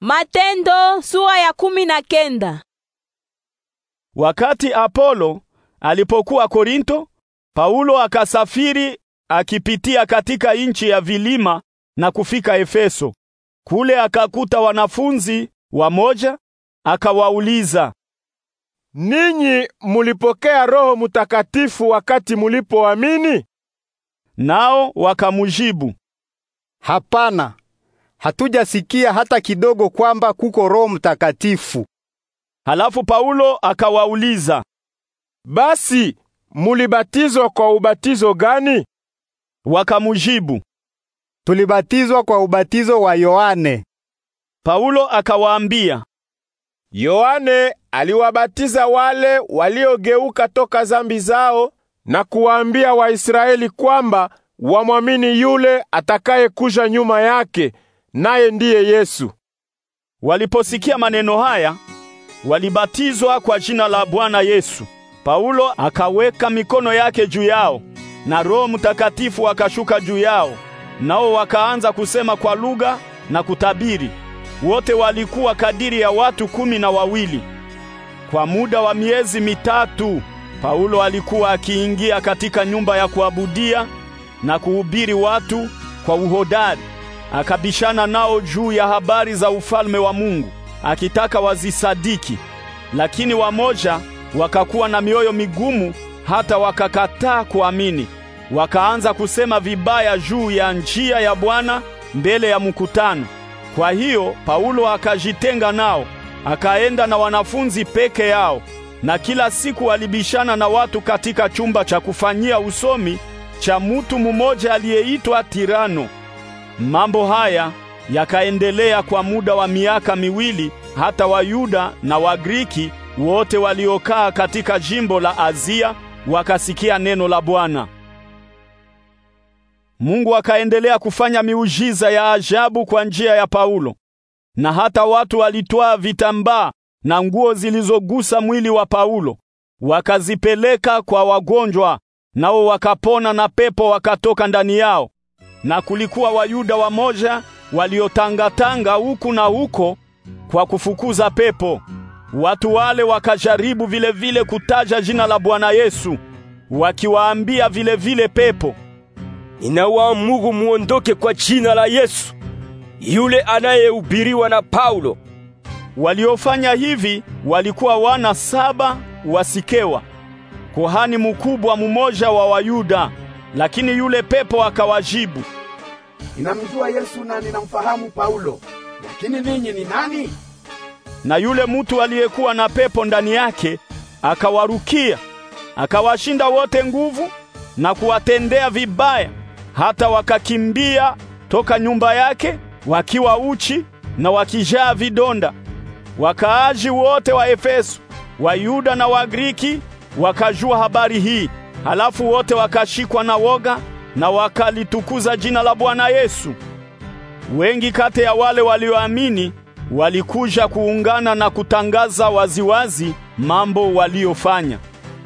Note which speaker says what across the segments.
Speaker 1: Matendo sura ya kumi na kenda.
Speaker 2: Wakati Apolo alipokuwa Korinto, Paulo akasafiri akipitia katika nchi ya vilima na kufika Efeso. Kule akakuta wanafunzi wamoja, akawauliza, ninyi mulipokea Roho Mtakatifu wakati mulipoamini? Nao wakamujibu, hapana hatujasikia hata kidogo kwamba kuko Roho Mtakatifu. Halafu Paulo akawauliza, basi mulibatizwa kwa ubatizo gani? Wakamujibu, tulibatizwa kwa ubatizo wa Yohane. Paulo akawaambia, Yohane aliwabatiza wale waliogeuka toka zambi zao na kuwaambia Waisraeli kwamba wamwamini yule atakayekuja nyuma yake naye ndiye Yesu. Waliposikia maneno haya, walibatizwa kwa jina la Bwana Yesu. Paulo akaweka mikono yake juu yao na Roho Mtakatifu akashuka juu yao, nao wakaanza kusema kwa lugha na kutabiri. Wote walikuwa kadiri ya watu kumi na wawili. Kwa muda wa miezi mitatu Paulo alikuwa akiingia katika nyumba ya kuabudia na kuhubiri watu kwa uhodari akabishana nao juu ya habari za ufalme wa Mungu, akitaka wazisadiki. Lakini wamoja wakakuwa na mioyo migumu, hata wakakataa kuamini. Wakaanza kusema vibaya juu ya njia ya Bwana mbele ya mkutano. Kwa hiyo Paulo akajitenga nao, akaenda na wanafunzi peke yao, na kila siku alibishana na watu katika chumba cha kufanyia usomi cha mutu mmoja aliyeitwa Tirano. Mambo haya yakaendelea kwa muda wa miaka miwili, hata Wayuda na Wagriki wote waliokaa katika jimbo la Azia wakasikia neno la Bwana. Mungu akaendelea kufanya miujiza ya ajabu kwa njia ya Paulo, na hata watu walitwaa vitambaa na nguo zilizogusa mwili wa Paulo wakazipeleka kwa wagonjwa, nao wakapona na pepo wakatoka ndani yao na kulikuwa Wayuda wamoja waliotangatanga huku na huko kwa kufukuza pepo. Watu wale wakajaribu vile vile kutaja jina la Bwana Yesu, wakiwaambia vile vile pepo, ninawaamuru muondoke kwa jina la Yesu yule anayehubiriwa na Paulo. Waliofanya hivi walikuwa wana saba wa Sikewa, kuhani mkubwa mmoja wa Wayuda. Lakini yule pepo akawajibu, ninamjua Yesu na ninamfahamu Paulo, lakini ninyi ni nani? Na yule mtu aliyekuwa na pepo ndani yake akawarukia, akawashinda wote nguvu na kuwatendea vibaya, hata wakakimbia toka nyumba yake wakiwa uchi na wakijaa vidonda. Wakaaji wote wa Efeso, Wayuda na Wagriki wakajua habari hii. Halafu wote wakashikwa na woga na wakalitukuza jina la Bwana Yesu. Wengi kati ya wale walioamini walikuja kuungana na kutangaza waziwazi mambo waliofanya.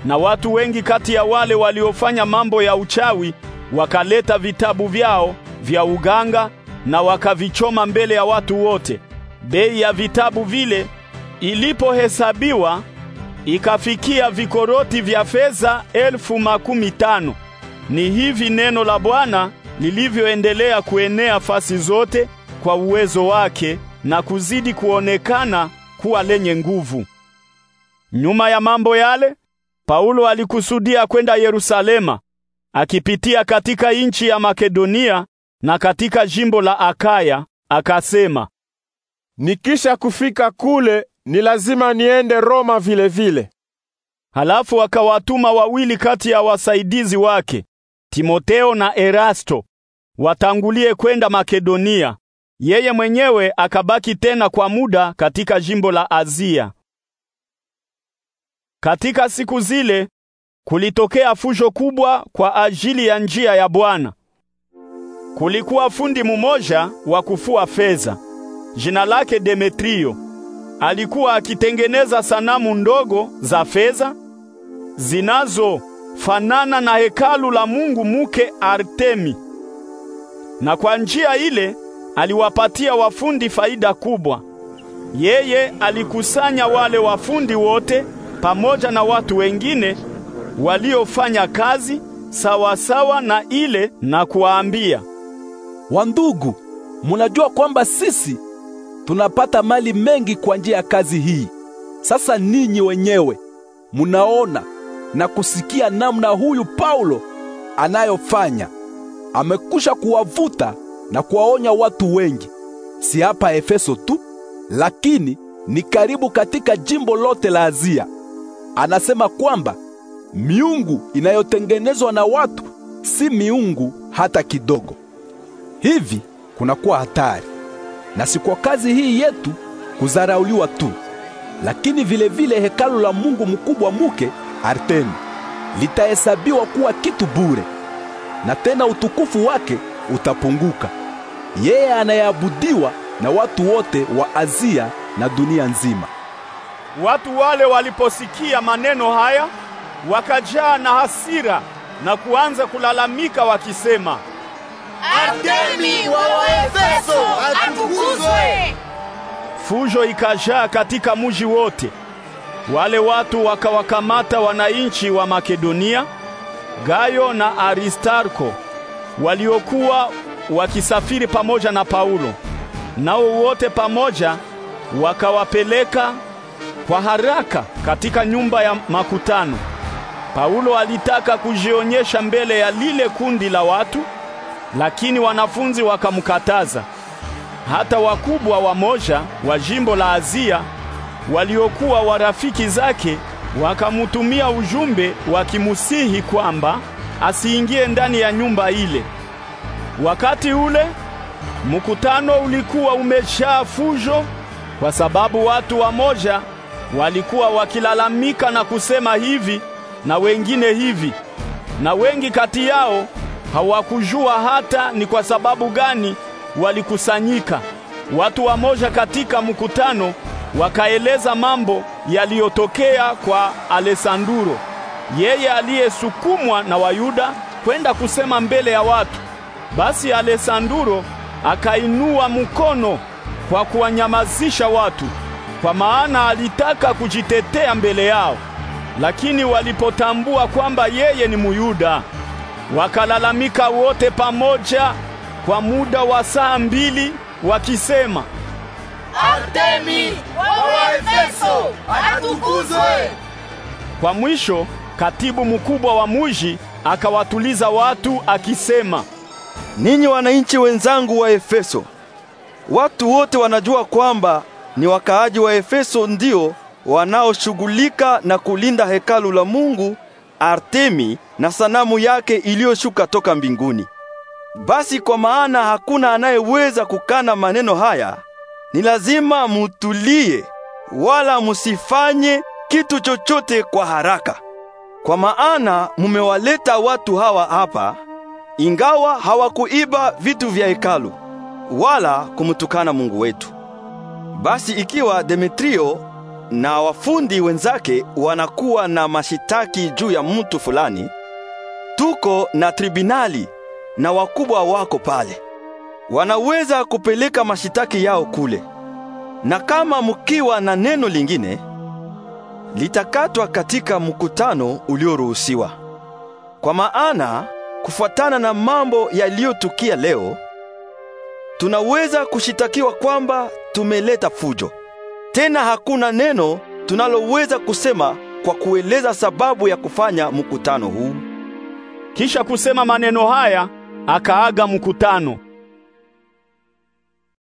Speaker 2: Na watu wengi kati ya wale waliofanya mambo ya uchawi wakaleta vitabu vyao vya uganga na wakavichoma mbele ya watu wote. Bei ya vitabu vile ilipohesabiwa ikafikia vikoroti vya fedha elfu makumi tano. Ni hivi neno la Bwana lilivyoendelea kuenea fasi zote kwa uwezo wake na kuzidi kuonekana kuwa lenye nguvu. Nyuma ya mambo yale, Paulo alikusudia kwenda Yerusalema akipitia katika nchi ya Makedonia na katika jimbo la Akaya, akasema, nikisha kufika kule ni lazima niende Roma vile vile. Halafu akawatuma wawili kati ya wasaidizi wake, Timoteo na Erasto, watangulie kwenda Makedonia. Yeye mwenyewe akabaki tena kwa muda katika jimbo la Azia. Katika siku zile kulitokea fujo kubwa kwa ajili ya njia ya Bwana. Kulikuwa fundi mmoja wa kufua fedha, jina lake Demetrio alikuwa akitengeneza sanamu ndogo za fedha zinazofanana na hekalu la mungu muke Artemi, na kwa njia ile aliwapatia wafundi faida kubwa. Yeye alikusanya wale wafundi wote pamoja na watu wengine waliofanya kazi sawasawa sawa na ile na kuwaambia, wandugu, munajua kwamba sisi tunapata mali mengi kwa njia ya kazi hii. Sasa ninyi wenyewe munaona na kusikia namna huyu Paulo anayofanya. Amekusha kuwavuta na kuwaonya watu wengi, si hapa Efeso tu, lakini ni karibu katika jimbo lote la Azia. Anasema kwamba miungu inayotengenezwa na watu si miungu
Speaker 1: hata kidogo. Hivi kunakuwa hatari na si kwa kazi hii yetu kuzarauliwa tu, lakini vilevile vile hekalu la Mungu mkubwa muke
Speaker 2: Artemi litahesabiwa kuwa kitu bure, na tena utukufu wake utapunguka. Yeye anayeabudiwa na watu wote wa Azia na dunia nzima. Watu wale waliposikia maneno haya wakajaa na hasira na kuanza kulalamika wakisema
Speaker 1: Kapteni wa atukuzwe!
Speaker 2: Fujo ikajaa katika muji wote. Wale watu wakawakamata wananchi wa Makedonia, Gayo na Aristarko waliokuwa wakisafiri pamoja na Paulo. Nao wote pamoja wakawapeleka kwa haraka katika nyumba ya makutano. Paulo alitaka kujionyesha mbele ya lile kundi la watu lakini wanafunzi wakamkataza. Hata wakubwa wa moja wa jimbo la Azia waliokuwa warafiki zake wakamutumia ujumbe wakimusihi kwamba asiingie ndani ya nyumba ile. Wakati ule mkutano ulikuwa umeshaa fujo, kwa sababu watu wa moja walikuwa wakilalamika na kusema hivi na wengine hivi, na wengi kati yao Hawakujua hata ni kwa sababu gani walikusanyika. Watu wamoja katika mkutano wakaeleza mambo yaliyotokea kwa Alesanduro, yeye aliyesukumwa na Wayuda kwenda kusema mbele ya watu. Basi Alesanduro akainua mkono kwa kuwanyamazisha watu, kwa maana alitaka kujitetea mbele yao. Lakini walipotambua kwamba yeye ni Muyuda, Wakalalamika wote pamoja kwa muda wa saa mbili wakisema,
Speaker 1: Artemi wa Efeso atukuzwe!
Speaker 2: Kwa mwisho katibu mkubwa wa muji akawatuliza watu akisema,
Speaker 1: ninyi wananchi wenzangu wa Efeso, watu wote wanajua kwamba ni wakaaji wa Efeso ndio wanaoshughulika na kulinda hekalu la Mungu Artemi na sanamu yake iliyoshuka toka mbinguni. Basi kwa maana hakuna anayeweza kukana maneno haya, ni lazima mutulie wala musifanye kitu chochote kwa haraka. Kwa maana mumewaleta watu hawa hapa, ingawa hawakuiba vitu vya hekalu wala kumtukana Mungu wetu. Basi ikiwa Demetrio na wafundi wenzake wanakuwa na mashitaki juu ya mtu fulani, tuko na tribinali na wakubwa wako pale, wanaweza kupeleka mashitaki yao kule. Na kama mkiwa na neno lingine litakatwa katika mkutano ulioruhusiwa. Kwa maana kufuatana na mambo yaliyotukia leo, tunaweza kushitakiwa kwamba tumeleta fujo tena hakuna neno tunaloweza kusema kwa kueleza sababu ya kufanya mkutano huu. Kisha kusema maneno haya,
Speaker 2: akaaga mkutano.